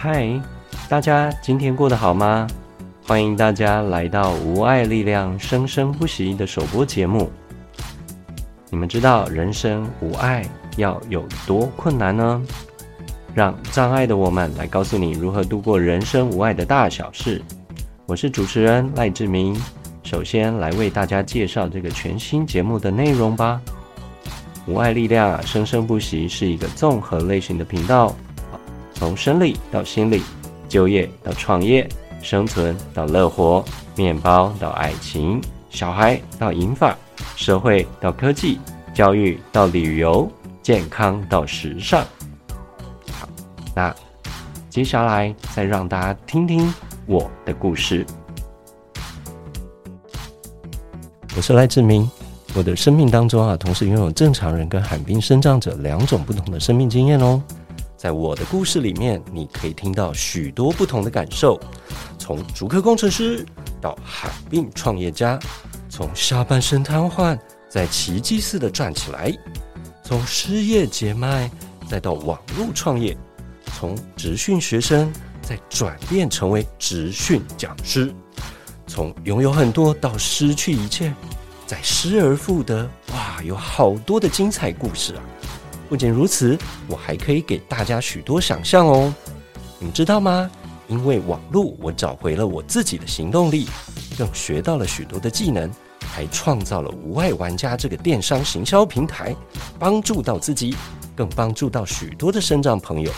嗨，大家今天過得好嗎？歡迎大家來到《無礙力量生聲不息》的首播節目。你們知道人生無礙要有多困難呢？讓障礙的我們來告訴你如何度過人生無礙的大小事。我是主持人賴志明，首先來為大家介紹這個全新節目的內容吧。無礙力量、啊、生聲不息是一個綜合類型的頻道。從生理到心理，就業到創業，生存到樂活，麵包到愛情，小孩到銀髮，社會到科技，教育到旅遊，健康到時尚。好，那接下來再讓大家聽聽我的故事。我是賴志明，我的生命當中啊，同時擁有正常人跟罕病生長者兩種不同的生命經驗哦。在我的故事裡面，你可以聽到許多不同的感受，從竹科工程師到罕病創業家，從下半身癱瘓再奇蹟似的站起來，從失業街賣再到網絡創業，從職訓學生再轉變成為職訓講師，從擁有很多到失去一切，再失而復得。哇，有好多的精彩故事啊！不僅如此，我還可以給大家許多想象哦。你們知道嗎？因為網絡，我找回了我自己的行動力，更學到了許多的技能，還創造了無礙玩家這個電商行銷平台，幫助到自己，更幫助到許多的身障朋友。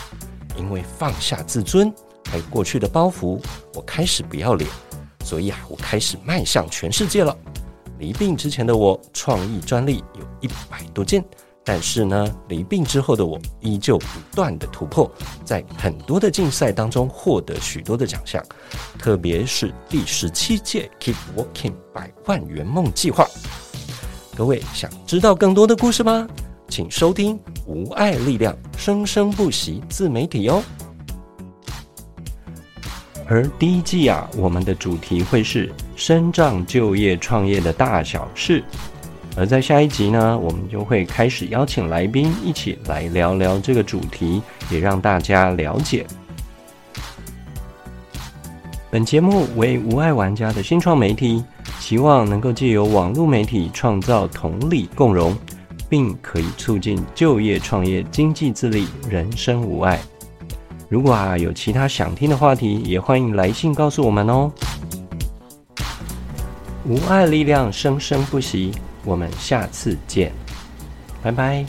因為放下自尊還有過去的包袱，我開始不要臉，所以啊，我開始邁向全世界了。離病之前的我，創意專利有一百多件。但是呢，罹病之後的我依舊不斷地突破，在很多的競賽當中獲得許多的獎項，特別是第十七屆 Keep Walking 百萬圓夢計劃。各位想知道更多的故事嗎？請收聽無礙力量生聲不息自媒體哦。而第一季啊，我們的主題會是身障、就業、創業的大小事。而在下一集呢，我們就會開始邀請來賓一起來聊聊這個主題，也讓大家了解。本節目為無礙玩家的新創媒體，希望能夠借由網絡媒體創造同理共融，並可以促進就業創業、經濟自立、人生無礙。如果啊有其他想聽的話題，也歡迎來信告訴我們哦。無礙力量生聲不息。我們下次見，拜拜。